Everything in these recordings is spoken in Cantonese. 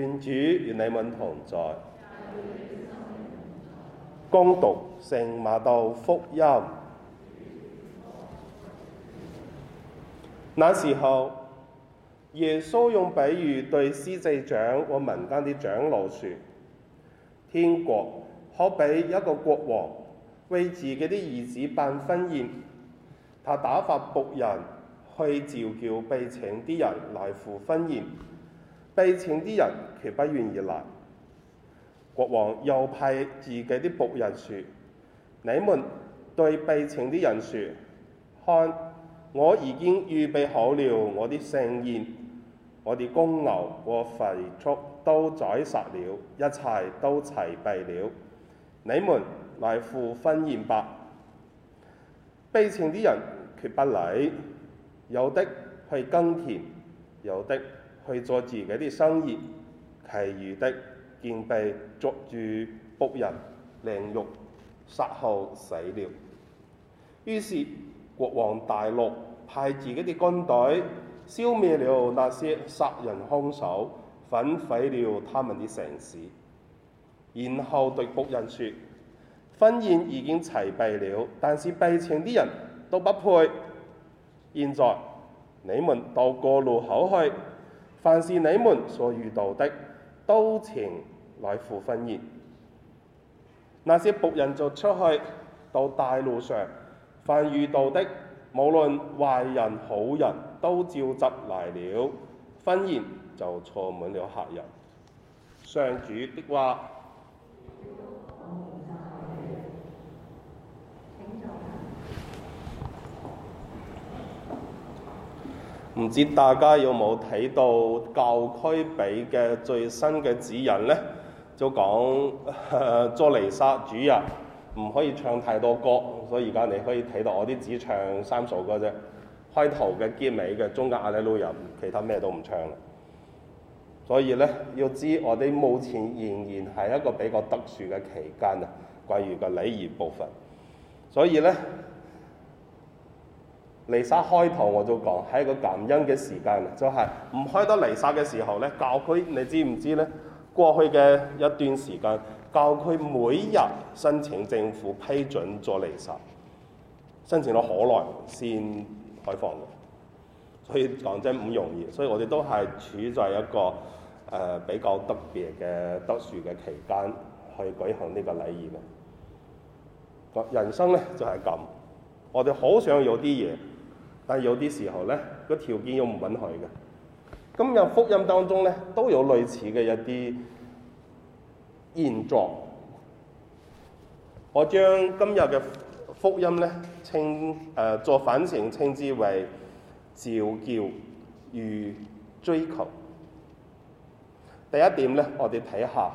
願主與你們同在。恭讀聖瑪竇福音。那時候，耶穌用比喻對司祭長和民間啲長老説：天國可比一個國王為自己啲兒子辦婚宴，他打發僕人去召叫被請啲人來赴婚宴。被請啲人，佢不願意嚟。國王又派自己啲僕人説：你們對被請啲人説，看我已經預備好了我啲盛宴，我啲公牛和肥畜都宰殺了，一切都齊備了，你們來赴婚宴吧。被請啲人，佢不理。有的去耕田，有的。去做自己啲生意，其餘的竟被捉住，僕人凌辱殺後死了。於是國王大怒，派自己啲軍隊消滅了那些殺人兇手，焚毀了他們啲城市。然後對僕人說，婚宴已經齊備了，但是被請啲人都不配。現在你們到過路口去。凡是你們所遇到的，都請來赴婚宴。那些僕人就出去到大路上，凡遇到的，無論壞人好人，都召集來了，婚宴就坐滿了客人。上主的話。唔知大家有冇睇到教區俾嘅最新嘅指引呢？就講佐尼沙主日唔可以唱太多歌，所以而家你可以睇到我啲只唱三首歌啫。開頭嘅結尾嘅中間阿肋路亞，其他咩都唔唱啦。所以呢，要知我哋目前仍然係一個比較特殊嘅期間啊，關於個禮儀部分。所以呢。彌撒開頭，我就講係一個感恩嘅時間，就係、是、唔開得彌撒嘅時候呢，教區你知唔知呢？過去嘅一段時間，教區每日申請政府批准做彌撒，申請咗好耐先開放嘅。所以講真唔容易，所以我哋都係處在一個誒、呃、比較特別嘅特殊嘅期間去舉行呢個禮儀嘅。人生呢，就係、是、咁，我哋好想有啲嘢。但有啲時候咧，個條件又唔允許嘅。今日福音當中咧，都有類似嘅一啲現狀。我將今日嘅福音咧，稱誒、呃、作反省，稱之為召叫與追求。第一點咧，我哋睇下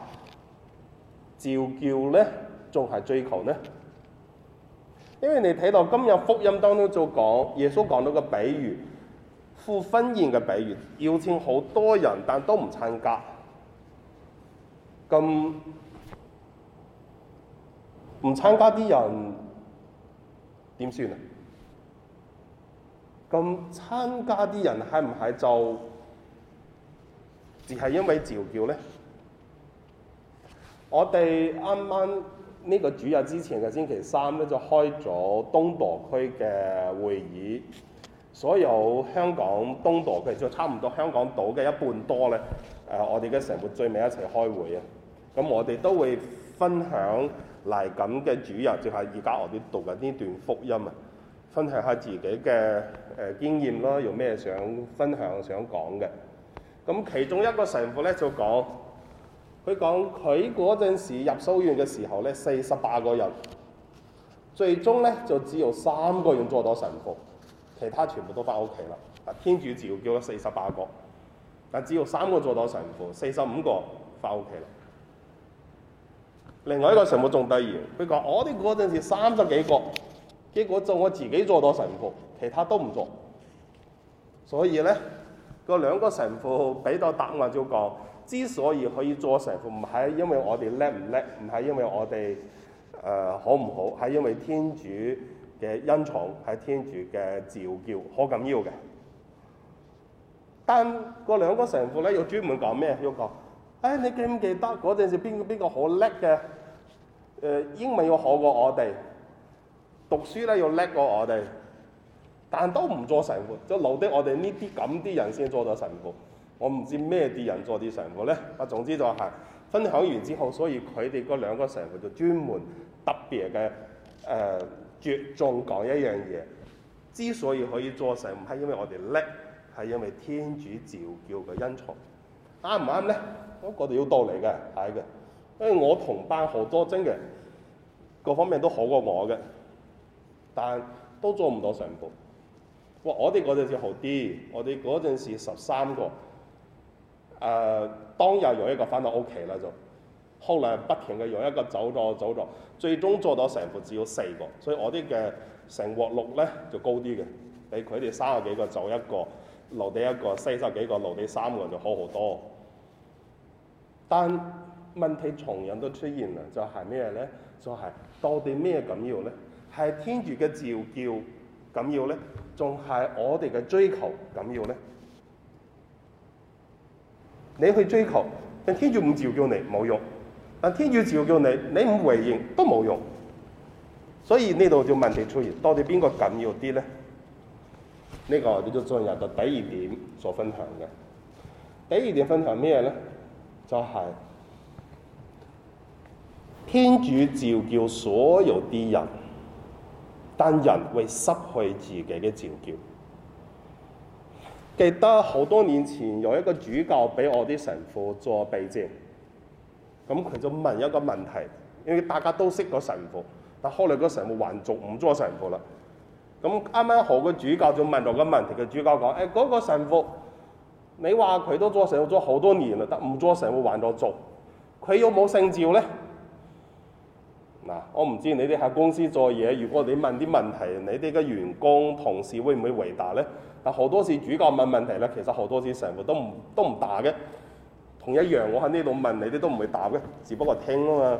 召叫咧，仲係追求咧？因為你睇到今日福音當中就講耶穌講到個比喻，赴婚宴嘅比喻，邀請好多人但都唔參加，咁唔參加啲人點算啊？咁參加啲人係唔係就只係因為召叫咧？我哋啱啱。呢個主日之前嘅星期三咧，就開咗東鐸區嘅會議，所有香港東鐸區，就差唔多香港島嘅一半多咧。誒、呃，我哋嘅神父最尾一齊開會啊！咁我哋都會分享嚟緊嘅主日，就係而家我哋讀緊呢段福音啊，分享下自己嘅誒、呃、經驗咯，有咩想分享想講嘅？咁其中一個神父咧就講。佢講：佢嗰陣時入修院嘅時候咧，四十八個人，最終咧就只有三個人做到神父，其他全部都翻屋企啦。天主召叫咗四十八個，但只有三個做到神父，四十五個翻屋企啦。另外一個神父仲得意，佢講：我哋嗰陣時三十幾個，結果就我自己做到神父，其他都唔做。所以咧，個兩個神父俾到答案就講。之所以可以做神父，唔係因為我哋叻唔叻，唔係因為我哋誒、呃、好唔好，係因為天主嘅恩寵，係天主嘅召叫，好緊要嘅。但個兩個神父咧，要專門講咩？要講誒，你記唔記得嗰陣時邊邊個好叻嘅？誒、呃、英文要好過我哋，讀書咧要叻過我哋，但都唔做神父，就留低我哋呢啲咁啲人先做咗神父。我唔知咩啲人做啲成個咧，啊，總之就係、是、分享完之後，所以佢哋嗰兩個成個就專門特別嘅誒著重講一樣嘢。之所以可以做成唔係因為我哋叻，係因為天主召叫嘅恩寵。啱唔啱咧？我、嗯、哋要到嚟嘅，係嘅。因為我同班好多精嘅，各方面都好過我嘅，但都做唔到成個。哇！我哋嗰陣時好啲，我哋嗰陣時十三個。誒、呃、當日有一個翻到屋企啦，就後來不停嘅有一個走咗走咗，最終做到成副只有四個，所以我啲嘅成活率咧就高啲嘅，比佢哋三十幾個走一個，留低一個，四十幾個留低三個就好好多。但問題同樣都出現啦，就係咩咧？就係、是、到底咩緊要咧？係天主嘅召叫緊要咧，仲係我哋嘅追求緊要咧？你去追求，但天主唔召叫你冇用；但天主召叫你，你唔回應都冇用。所以呢度就問題出現，到底邊個緊要啲咧？呢 個叫做進入第二點所分享嘅。第二點分享咩咧？就係、是、天主召叫所有啲人，但人會失去自己嘅召叫。記得好多年前有一個主教俾我啲神父做避靜，咁佢就問一個問題，因為大家都識個神父，但後來個神父還俗唔做神父啦。咁啱啱好個主教就問咗個問題，個主教講：誒、哎、嗰、那個神父，你話佢都做神父咗好多年啦，但唔做神父還咗俗，佢有冇聖召咧？嗱，我唔知你哋喺公司做嘢，如果你問啲問題，你哋嘅員工同事會唔會回答咧？嗱，好多次主教問問題咧，其實好多次神父都唔都唔答嘅，同一樣我，我喺呢度問你哋都唔會答嘅，只不過聽啊嘛。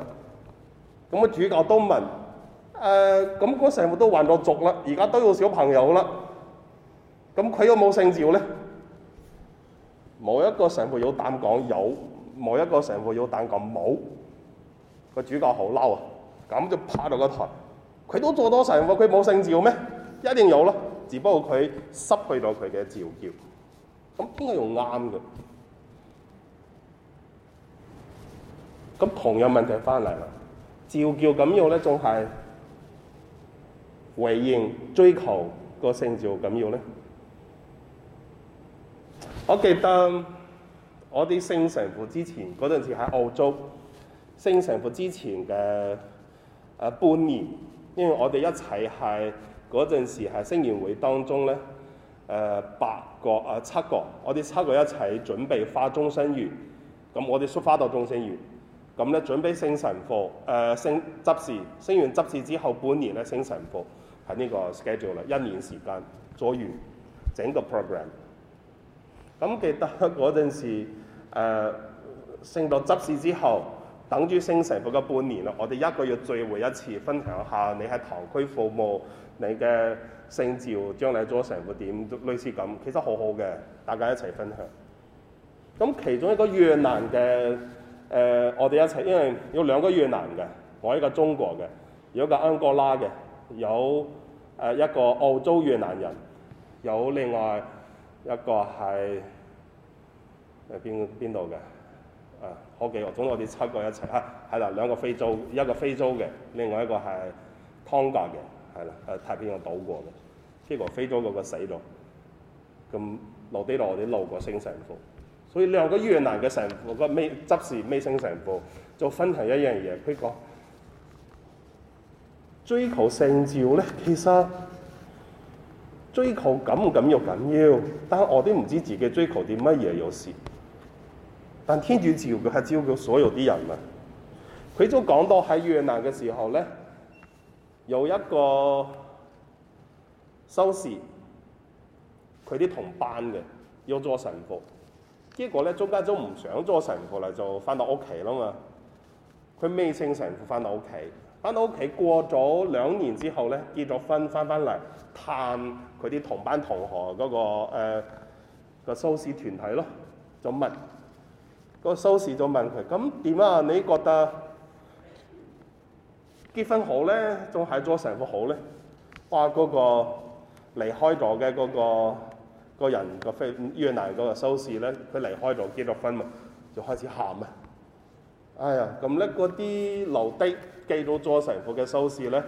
咁、嗯、啊主教都問，誒咁嗰神父都還到俗啦，而家都有小朋友啦。咁佢有冇聖召咧？冇一個神父有膽講有，冇一個神父有膽講冇。個主教好嬲啊，咁就拍咗個台，佢都做咗神父，佢冇聖召咩？一定有啦。只不過佢失去咗佢嘅召叫，咁邊個用啱嘅？咁同樣問題翻嚟啦，召叫咁要咧仲係回應追求個聖召咁要咧？我記得我哋聖神父之前嗰陣時喺澳洲，聖神父之前嘅誒、呃、半年，因為我哋一齊係。嗰陣時係聖言會當中咧，誒、呃、八個啊七個，我哋七個一齊準備發終身願，咁我哋縮花到終身願，咁咧準備升神父，誒、呃、升執事，升完執事之後半年咧升神父喺呢個 schedule 啦，一年時間做完整個 program。咁記得嗰陣時誒、呃、升到執事之後。等住升神父嘅半年啦，我哋一個月聚會一次，分享下你喺堂區服務你嘅聖召，將來做神父點，類似咁，其實好好嘅，大家一齊分享。咁其中一個越南嘅，誒、呃，我哋一齊，因為有兩個越南嘅，我一個中國嘅，有一個安哥拉嘅，有誒一個澳洲越南人，有另外一個係誒邊邊度嘅？啊，好幾個！總我哋七個一齊嚇，係、啊、啦，兩個非洲，一個非洲嘅，另外一個係湯加嘅，係啦，誒、啊、太平洋島國嘅，結果非洲嗰個死咗，咁落低落我哋六個升神父，所以兩個越南嘅神父個咩執事咩升神父，就分享一樣嘢。佢講追求聖召咧，其實追求緊唔緊要？緊要，但係我都唔知自己追求啲乜嘢有事。但天主召佢係召叫所有啲人啊！佢都講到喺越南嘅時候咧，有一個修士，佢啲同班嘅要做神父，結果咧中間都唔想做神父啦，就翻到屋企啦嘛。佢未稱神父翻到屋企，翻到屋企過咗兩年之後咧，結咗婚，翻翻嚟探佢啲同班同學嗰、那個誒個修士團體咯，就問。個收視就問佢：咁點啊？你覺得結婚好咧，仲係做神父好咧？話，嗰、那個離開咗嘅嗰個人，個菲越南嗰個收視咧，佢離開咗結咗婚咪，就開始喊啊！哎呀，咁咧，嗰啲留低記到咗神父嘅收視咧，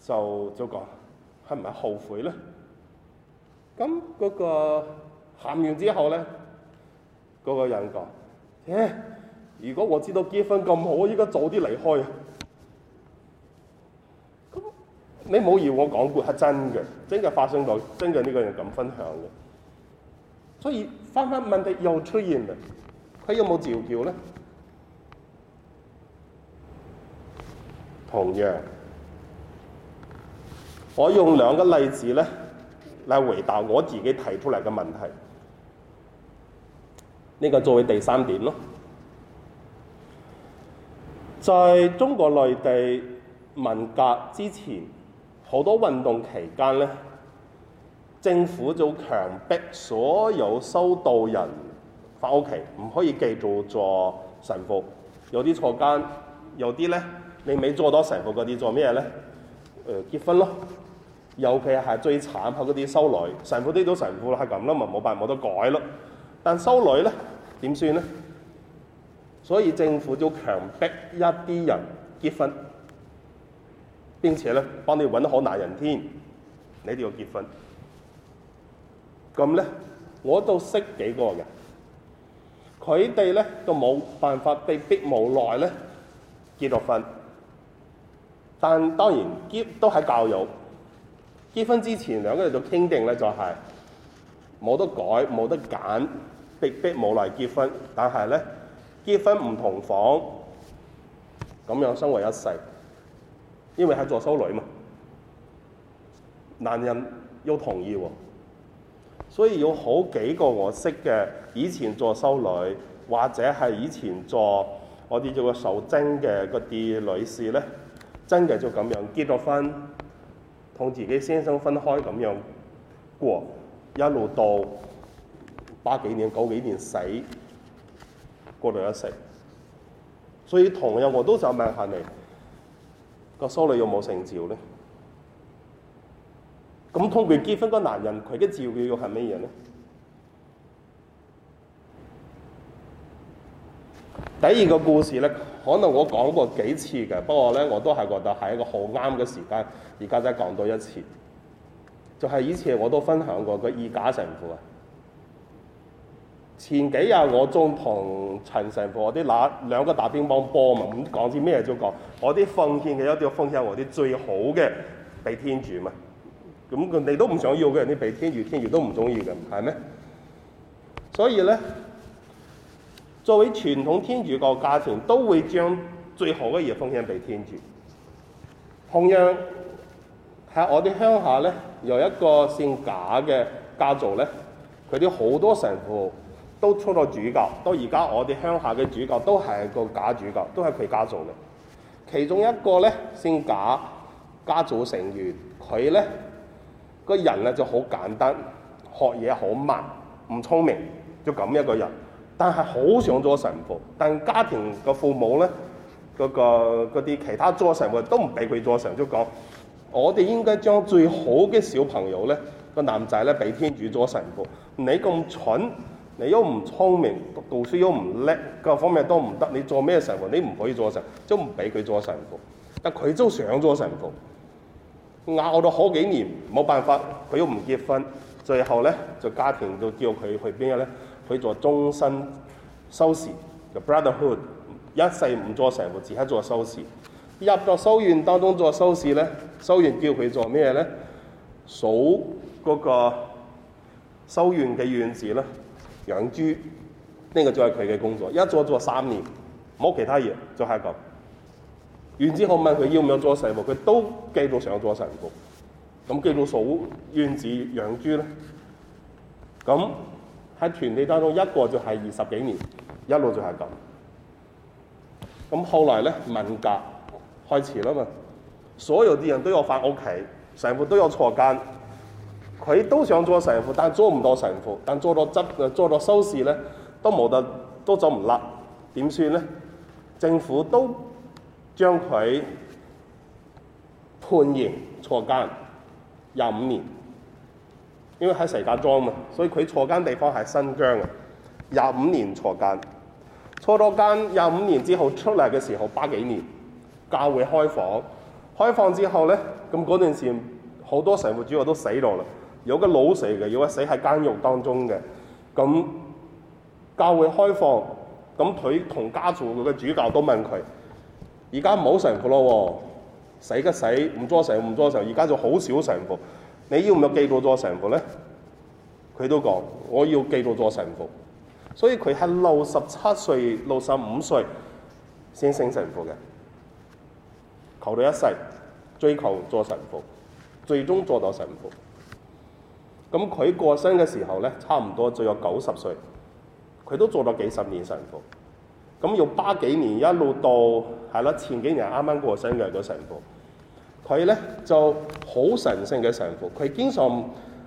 就就講係咪後悔咧？咁嗰、那個喊完之後咧，嗰、那個人講。Yeah, 如果我知道結婚咁好，我應該早啲離開啊！你唔好嫌我講過，係真嘅，真嘅發生過，真嘅呢個人咁分享嘅。所以翻翻問題又出現啦，佢有冇召叫條咧？同樣，我用兩個例子咧嚟回答我自己提出嚟嘅問題。呢個作為第三點咯，在中國內地文革之前，好多運動期間咧，政府就強迫所有修道人返屋企，唔可以繼續做神父。有啲坐監，有啲咧你未做到神父嗰啲做咩咧？誒結婚咯。尤其係最慘係嗰啲修女，神父跌都神父係咁咯，咪冇辦冇得改咯。但修女咧～點算咧？所以政府就強迫一啲人結婚，並且咧幫你揾好男人添，你就要結婚。咁咧，我都識幾個人，佢哋咧都冇辦法被逼，逼無奈咧結咗婚。但當然結都係教育，結婚之前兩個人就傾定咧、就係，就係冇得改，冇得揀。逼迫冇嚟結婚，但係咧結婚唔同房咁樣生活一世，因為係做修女嘛。男人要同意喎、哦，所以有好幾個我識嘅以前做修女，或者係以前我做我哋做個守貞嘅嗰啲女士咧，真嘅就咁樣結咗婚，同自己先生分開咁樣過一路到八幾年、九幾年死過咗一世，所以同樣我都想問下你：個蘇麗有冇姓趙咧？咁同佢結婚個男人，佢嘅兆要係咩嘢咧？第二個故事咧，可能我講過幾次嘅，不過咧我都係覺得係一個好啱嘅時間，而家再講多一次，就係、是、以前我都分享過個二假神父啊。前幾日我仲同陳神父啲嗱兩個打乒乓波嘛，咁講啲咩就講我啲奉獻嘅一啲奉獻，我啲最好嘅俾天主嘛。咁佢哋都唔想要嘅人啲俾天主，天主都唔中意嘅，係咩？所以咧，作為傳統天主個家庭，都會將最好嘅嘢奉獻俾天主。同樣喺我啲鄉下咧，有一個姓賈嘅家族咧，佢啲好多神父。都出咗主教，到而家我哋鄉下嘅主教都係個假主教，都係佢家族嘅。其中一個咧先假家族成員，佢咧個人咧就好簡單，學嘢好慢，唔聰明，就咁一個人。但係好想做神父，但家庭嘅父母咧嗰、這個嗰啲其他做神父都唔俾佢做神，即係講我哋應該將最好嘅小朋友咧個男仔咧俾天主做神父。你咁蠢！你又唔聰明，讀書都唔叻，各方面都唔得。你做咩神父？你唔可以做神父，都唔俾佢做神父。但佢都想做神父，拗咗好幾年，冇辦法，佢都唔結婚。最後咧，就家庭就叫佢去邊咧？佢做終身修士，就 Brotherhood，一世唔做神父，只係做修士。入咗修院當中做修士咧，修院叫佢做咩咧？數嗰個修院嘅院子咧。養豬呢、呢個就係佢嘅工作，一做做三年，冇其他嘢，就係咁。完之後問佢要唔要做神父，佢都繼續上做神父。咁繼續數原子養豬呢，咁喺團體當中一個就係二十幾年，一路就係咁。咁後來咧，文革開始啦嘛，所有啲人都要返屋企，全部都要坐監。佢都想做神父，但係做唔到神父，但係做到執，做到收市咧都冇得，都走唔甩，點算咧？政府都將佢判刑坐監廿五年，因為喺石家莊啊嘛，所以佢坐監地方係新疆啊，廿五年坐監，坐咗監廿五年之後出嚟嘅時候八幾年，教會開放，開放之後咧，咁嗰陣時好多神父主教都死咗啦。有個老死嘅，有個死喺監獄當中嘅。咁教會開放，咁佢同家族嘅主教都問佢：而家冇神父咯，死嘅死，唔做神唔做神，而家就好少神父。你要唔要繼續做神父咧？佢都講：我要繼續做神父。所以佢係六十七歲、六十五歲先升神父嘅。求到一世，追求做神父，最終做到神父。咁佢過身嘅時候咧，差唔多仲有九十歲，佢都做到幾十年神父。咁由八幾年一路到，係啦，前幾年啱啱過身嘅咗神父。佢咧就好神聖嘅神父，佢經常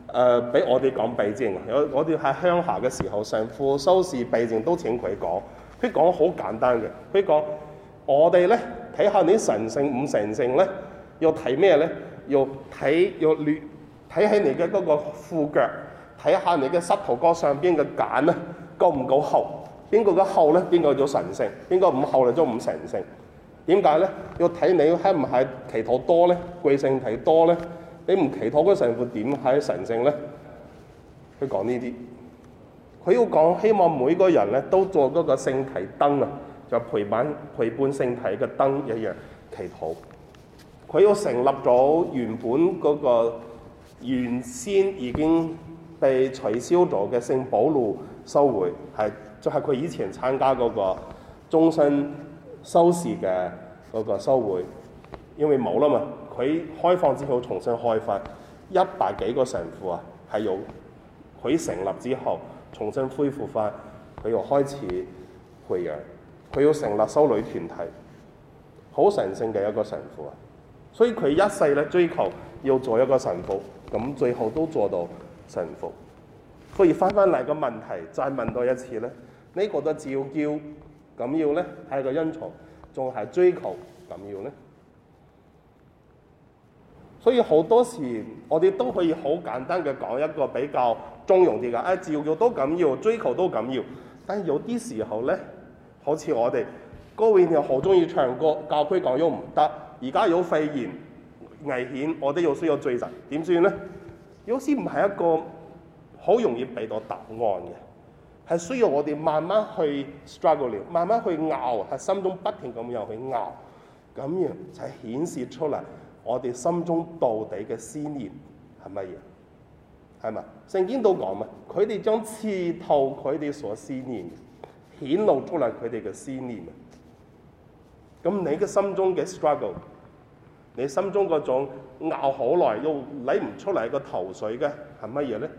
誒俾、呃、我哋講避靜。啊！我我哋喺鄉下嘅時候，神父、修士避靜都請佢講。佢講好簡單嘅，佢講我哋咧睇下你神聖唔神聖咧，要睇咩咧？要睇要，要劣。睇下你嘅嗰個褲腳，睇下你嘅膝頭哥上邊嘅繭啊，夠唔夠厚？邊個嘅厚咧？邊個叫神聖？邊個唔厚咧？就唔神聖。點解咧？要睇你係唔係祈禱多咧？貴聖體多咧？你唔祈禱嗰陣會點係神聖咧？佢講呢啲，佢要講希望每個人咧都做嗰個聖體燈啊，就陪伴陪伴聖體嘅燈一樣祈禱。佢要成立咗原本嗰個。原先已經被取消咗嘅聖保祿修會，係就係、是、佢以前參加嗰個終身修士嘅嗰個修會，因為冇啦嘛。佢開放之後重新開發，一百幾個神父啊，係由佢成立之後重新恢復翻，佢又開始培養，佢要成立修女團體，好神聖嘅一個神父啊！所以佢一世咧追求要做一個神父。咁最後都做到順服。不如翻翻嚟個問題，再問多一次咧。這個、呢個都召叫咁要咧，係個恩寵，仲係追求咁要咧。所以好多時我哋都可以好簡單嘅講一個比較中庸啲嘅，啊、哎、召叫都咁要，追求都咁要。但係有啲時候咧，好似我哋高永你好中意唱歌，教區講咗唔得，而家有肺炎。危險，我哋又需要追查，點算咧？呢個先唔係一個好容易俾到答案嘅，係需要我哋慢慢去 struggle，慢慢去熬，喺心中不停咁樣去熬，咁樣就顯示出嚟我哋心中到底嘅思念係乜嘢？係咪？聖經都講啊，佢哋將刺透佢哋所思念，顯露出嚟佢哋嘅思念。咁你嘅心中嘅 struggle？你心中嗰種拗好耐都理唔出嚟個頭緒嘅係乜嘢咧？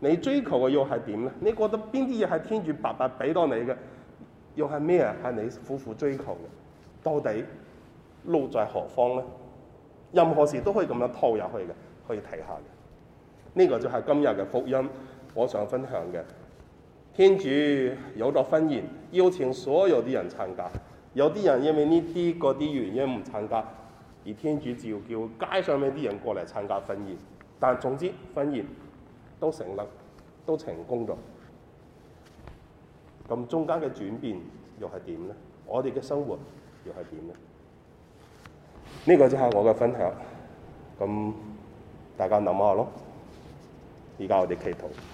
你追求嘅又係點咧？你覺得邊啲嘢係天主白白俾到你嘅？又係咩啊？係你苦苦追求嘅，到底路在何方咧？任何事都可以咁樣套入去嘅，可以睇下嘅。呢個就係今日嘅福音，我想分享嘅。天主有咗婚宴，邀請所有啲人參加。有啲人因為呢啲嗰啲原因唔參加。而天主召叫街上面啲人過嚟參加婚宴，但總之婚宴都成立，都成功咗。咁中間嘅轉變又係點咧？我哋嘅生活又係點咧？呢個就係我嘅分享，咁大家諗下咯。而家我哋祈禱。